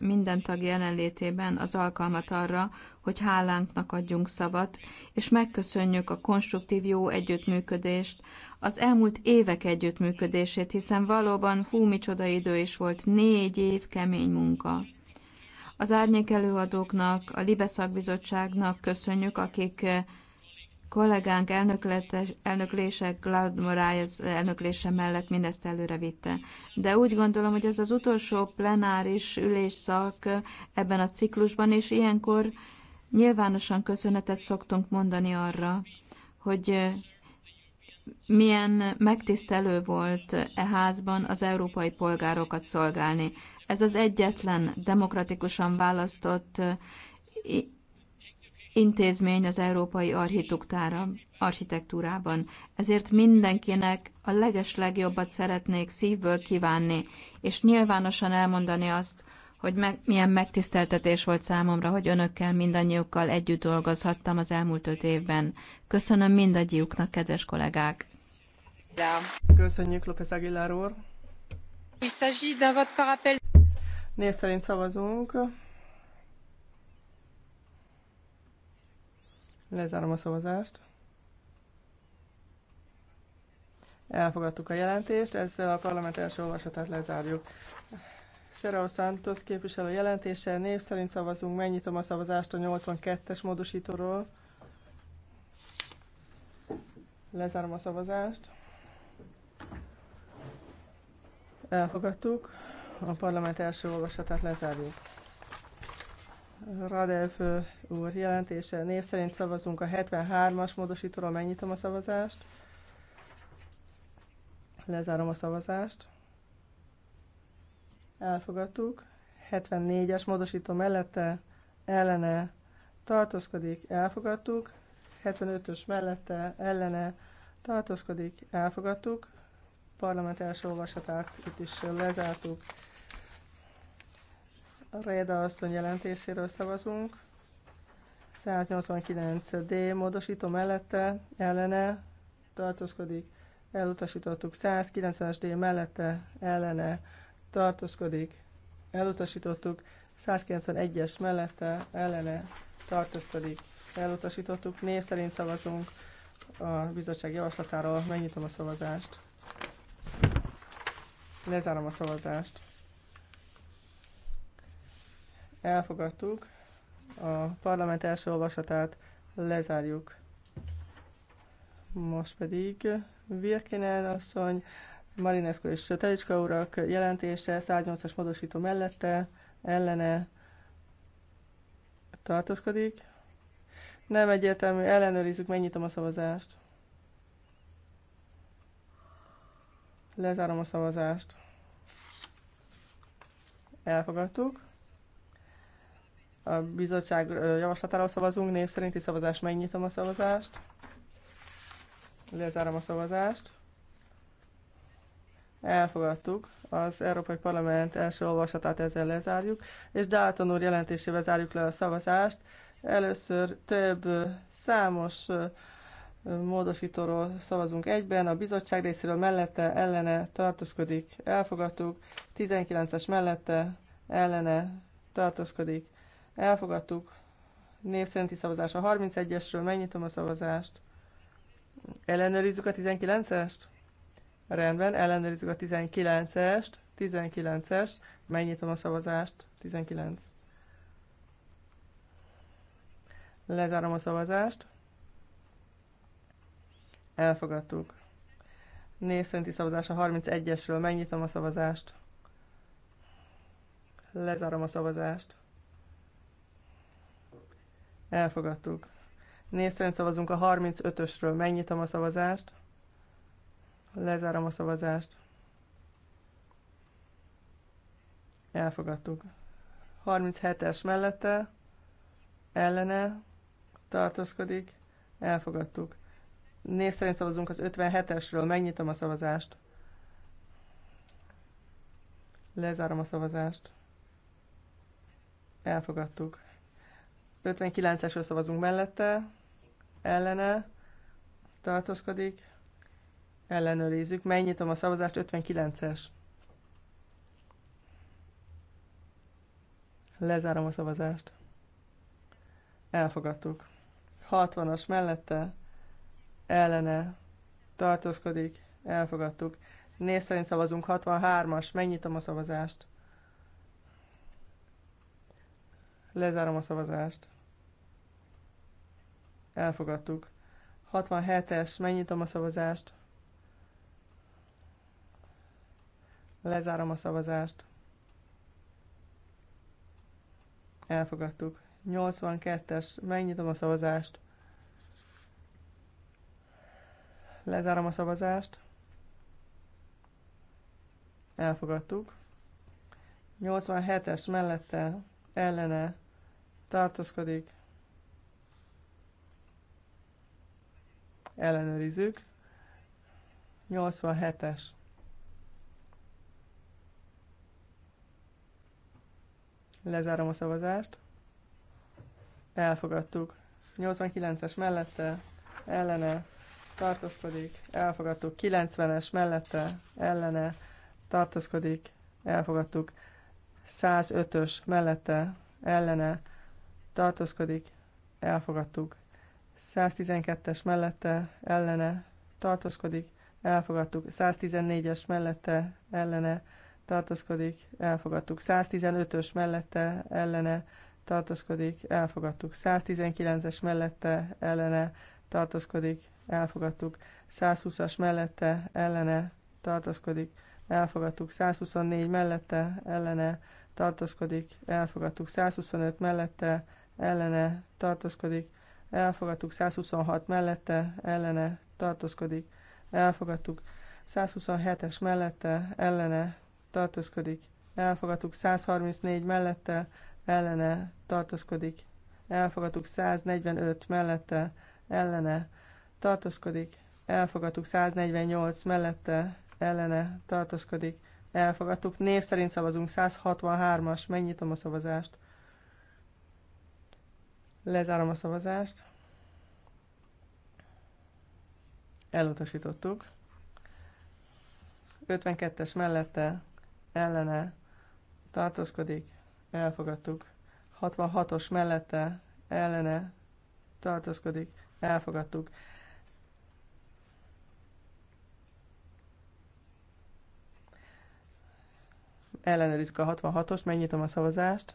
minden tag jelenlétében az alkalmat arra, hogy hálánknak adjunk szavat, és megköszönjük a konstruktív jó együttműködést, az elmúlt évek együttműködését, hiszen valóban hú, micsoda idő is volt, négy év kemény munka. Az árnyék előadóknak, a Libeszakbizottságnak köszönjük, akik kollégánk elnöklése, Cloud Moraes elnöklése mellett mindezt előre vitte. De úgy gondolom, hogy ez az utolsó plenáris ülésszak ebben a ciklusban, és ilyenkor nyilvánosan köszönetet szoktunk mondani arra, hogy milyen megtisztelő volt e házban az európai polgárokat szolgálni. Ez az egyetlen demokratikusan választott intézmény az európai architektúrában. Ezért mindenkinek a leges legjobbat szeretnék szívből kívánni, és nyilvánosan elmondani azt, hogy meg, milyen megtiszteltetés volt számomra, hogy önökkel, mindannyiukkal együtt dolgozhattam az elmúlt öt évben. Köszönöm mindannyiuknak, kedves kollégák! Köszönjük, López Aguilar úr! Név szerint szavazunk. Lezárom a szavazást. Elfogadtuk a jelentést, ezzel a parlament első olvasatát lezárjuk. Serao Santos képviselő jelentése, név szerint szavazunk, megnyitom a szavazást a 82-es módosítóról. Lezárom a szavazást. Elfogadtuk, a parlament első olvasatát lezárjuk. Radev úr jelentése. Név szerint szavazunk a 73-as módosítóról. Megnyitom a szavazást. Lezárom a szavazást. Elfogadtuk. 74-es módosító mellette ellene tartózkodik, elfogadtuk. 75-ös mellette ellene tartózkodik, elfogadtuk. Parlament első olvasatát itt is lezártuk. Réda asszony jelentéséről szavazunk. 189D módosító mellette, ellene tartózkodik, elutasítottuk. 190-es D mellette, ellene tartózkodik, elutasítottuk. 191-es mellette, ellene tartózkodik, elutasítottuk. Név szerint szavazunk a bizottság javaslatáról. Megnyitom a szavazást. Lezárom a szavazást. Elfogadtuk. A parlament első olvasatát lezárjuk. Most pedig Virkinen asszony, Marinescu és Telicska urak jelentése, 108-as módosító mellette, ellene tartózkodik. Nem egyértelmű, ellenőrizzük, megnyitom a szavazást. Lezárom a szavazást. Elfogadtuk. A bizottság javaslatára szavazunk, név szerinti szavazást, megnyitom a szavazást. Lezárom a szavazást. Elfogadtuk. Az Európai Parlament első olvasatát ezzel lezárjuk, és Dalton úr jelentésével zárjuk le a szavazást. Először több számos módosítóról szavazunk egyben, a bizottság részéről mellette, ellene tartózkodik, elfogadtuk, 19-es mellette, ellene tartózkodik, Elfogadtuk. Név szerinti szavazás a 31-esről. Megnyitom a szavazást. Ellenőrizzük a 19-est? Rendben, ellenőrizzük a 19-est. 19-es. Megnyitom a szavazást. 19. Lezárom a szavazást. Elfogadtuk. Név szerinti szavazás a 31-esről. Megnyitom a szavazást. Lezárom a szavazást. Elfogadtuk. Név szerint szavazunk a 35-ösről. Megnyitom a szavazást. Lezárom a szavazást. Elfogadtuk. 37-es mellette, ellene, tartózkodik, elfogadtuk. Név szerint szavazunk az 57-esről, megnyitom a szavazást. Lezárom a szavazást. Elfogadtuk. 59-esről szavazunk mellette, ellene, tartózkodik, ellenőrizzük. Megnyitom a szavazást, 59-es. Lezárom a szavazást. Elfogadtuk. 60-as mellette, ellene, tartózkodik, elfogadtuk. Név szerint szavazunk 63-as, megnyitom a szavazást. Lezárom a szavazást. Elfogadtuk. 67-es, megnyitom a szavazást. Lezárom a szavazást. Elfogadtuk. 82-es, megnyitom a szavazást. Lezárom a szavazást. Elfogadtuk. 87-es mellette ellene tartózkodik, ellenőrizzük, 87-es. Lezárom a szavazást. Elfogadtuk. 89-es mellette, ellene, tartózkodik, elfogadtuk. 90-es mellette, ellene, tartózkodik, elfogadtuk. 105-ös mellette ellene tartózkodik, elfogadtuk. 112-es mellette ellene tartózkodik, elfogadtuk. 114-es mellette ellene tartózkodik, elfogadtuk. 115-ös mellette ellene tartózkodik, elfogadtuk. 119-es mellette ellene tartózkodik, elfogadtuk. 120-as mellette ellene tartózkodik, elfogadtuk elfogadtuk 124 mellette, ellene tartózkodik, elfogadtuk 125 mellette, ellene tartózkodik, elfogadtuk 126 mellette, ellene tartózkodik, elfogadtuk 127-es mellette, ellene tartózkodik, elfogadtuk 134 mellette, ellene tartózkodik, elfogadtuk 145 mellette, ellene tartózkodik, elfogadtuk 148 mellette, ellene tartózkodik. Elfogadtuk. Név szerint szavazunk. 163-as. Megnyitom a szavazást. Lezárom a szavazást. Elutasítottuk. 52-es mellette ellene tartózkodik. Elfogadtuk. 66-os mellette ellene tartózkodik. Elfogadtuk. ellenőrizzük a 66-ost, megnyitom a szavazást,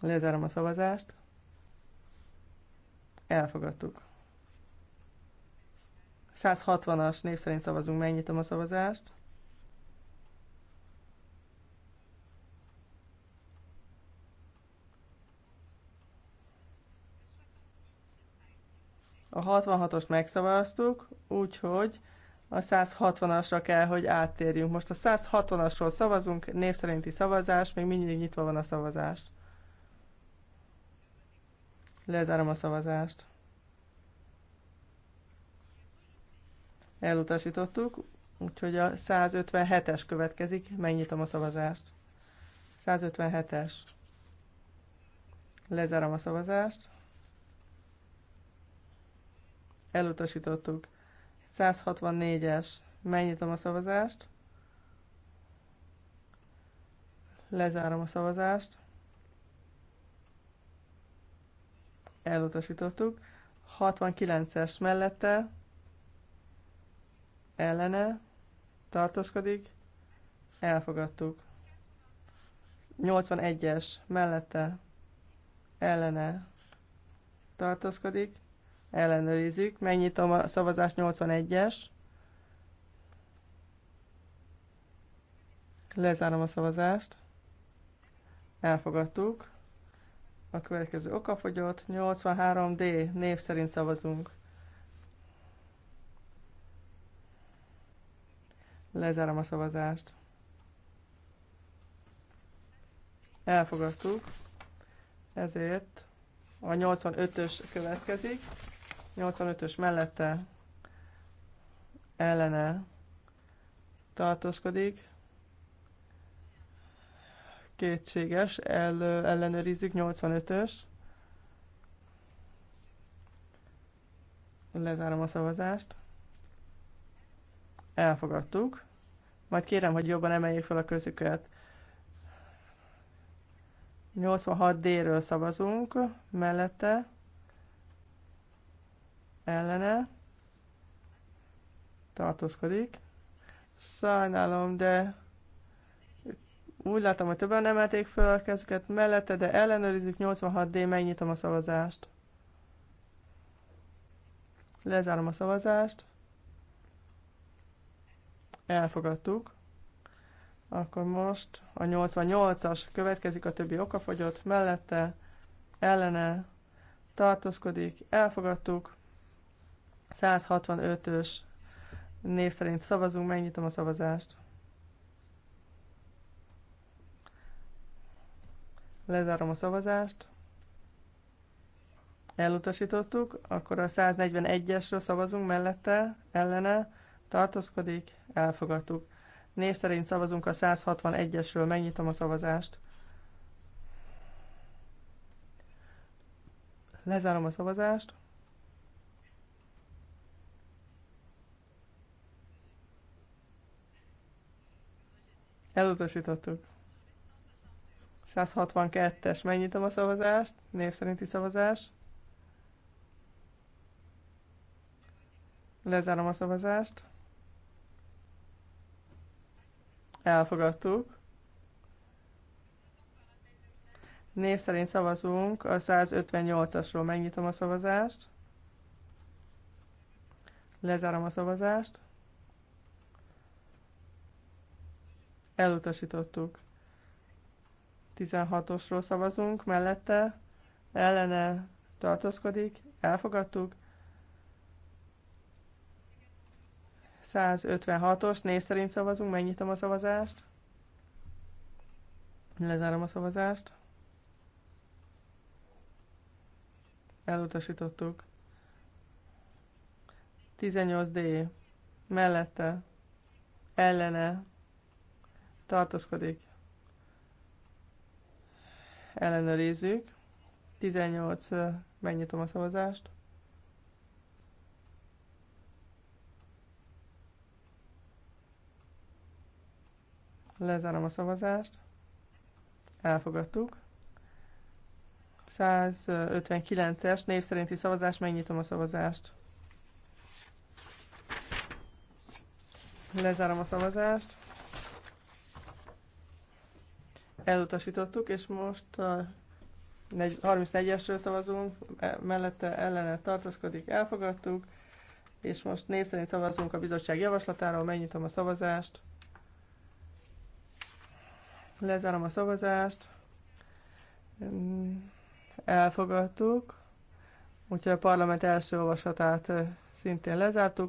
lezárom a szavazást, elfogadtuk. 160-as név szerint szavazunk, megnyitom a szavazást. A 66-ost megszavaztuk, úgyhogy a 160-asra kell, hogy áttérjünk. Most a 160-asról szavazunk, név szerinti szavazás, még mindig nyitva van a szavazás. Lezárom a szavazást. Elutasítottuk, úgyhogy a 157-es következik, megnyitom a szavazást. 157-es. Lezárom a szavazást. Elutasítottuk. 164-es. Megnyitom a szavazást. Lezárom a szavazást. Elutasítottuk. 69-es mellette. Ellene. Tartoskodik. Elfogadtuk. 81-es mellette. Ellene. Tartoskodik ellenőrizzük. Megnyitom a szavazás 81-es. Lezárom a szavazást. Elfogadtuk. A következő okafogyott. 83D. Név szerint szavazunk. Lezárom a szavazást. Elfogadtuk. Ezért a 85-ös következik. 85-ös mellette ellene tartózkodik. Kétséges, el, ellenőrizzük 85-ös. Lezárom a szavazást. Elfogadtuk. Majd kérem, hogy jobban emeljék fel a közüket. 86D-ről szavazunk, mellette ellene tartózkodik. Sajnálom, de úgy látom, hogy többen emelték föl a kezüket mellette, de ellenőrizzük 86D, megnyitom a szavazást. Lezárom a szavazást. Elfogadtuk. Akkor most a 88-as következik, a többi okafogyott mellette, ellene, tartózkodik, elfogadtuk. 165-ös név szerint szavazunk, megnyitom a szavazást. Lezárom a szavazást. Elutasítottuk, akkor a 141-esről szavazunk mellette, ellene, tartózkodik, elfogadtuk. Név szerint szavazunk a 161-esről, megnyitom a szavazást. Lezárom a szavazást. Elutasítottuk. 162-es. Megnyitom a szavazást. Név szerinti szavazás. Lezárom a szavazást. Elfogadtuk. Név szerint szavazunk a 158-asról. Megnyitom a szavazást. Lezárom a szavazást. elutasítottuk. 16-osról szavazunk, mellette ellene tartózkodik, elfogadtuk. 156-os név szerint szavazunk, megnyitom a szavazást. Lezárom a szavazást. Elutasítottuk. 18D. Mellette. Ellene tartózkodik. Ellenőrizzük. 18, megnyitom a szavazást. Lezárom a szavazást. Elfogadtuk. 159-es név szerinti szavazás, megnyitom a szavazást. Lezárom a szavazást elutasítottuk, és most a 34-esről szavazunk, e, mellette ellene tartózkodik, elfogadtuk, és most név szerint szavazunk a bizottság javaslatáról, megnyitom a szavazást, lezárom a szavazást, elfogadtuk, úgyhogy a parlament első olvasatát szintén lezártuk,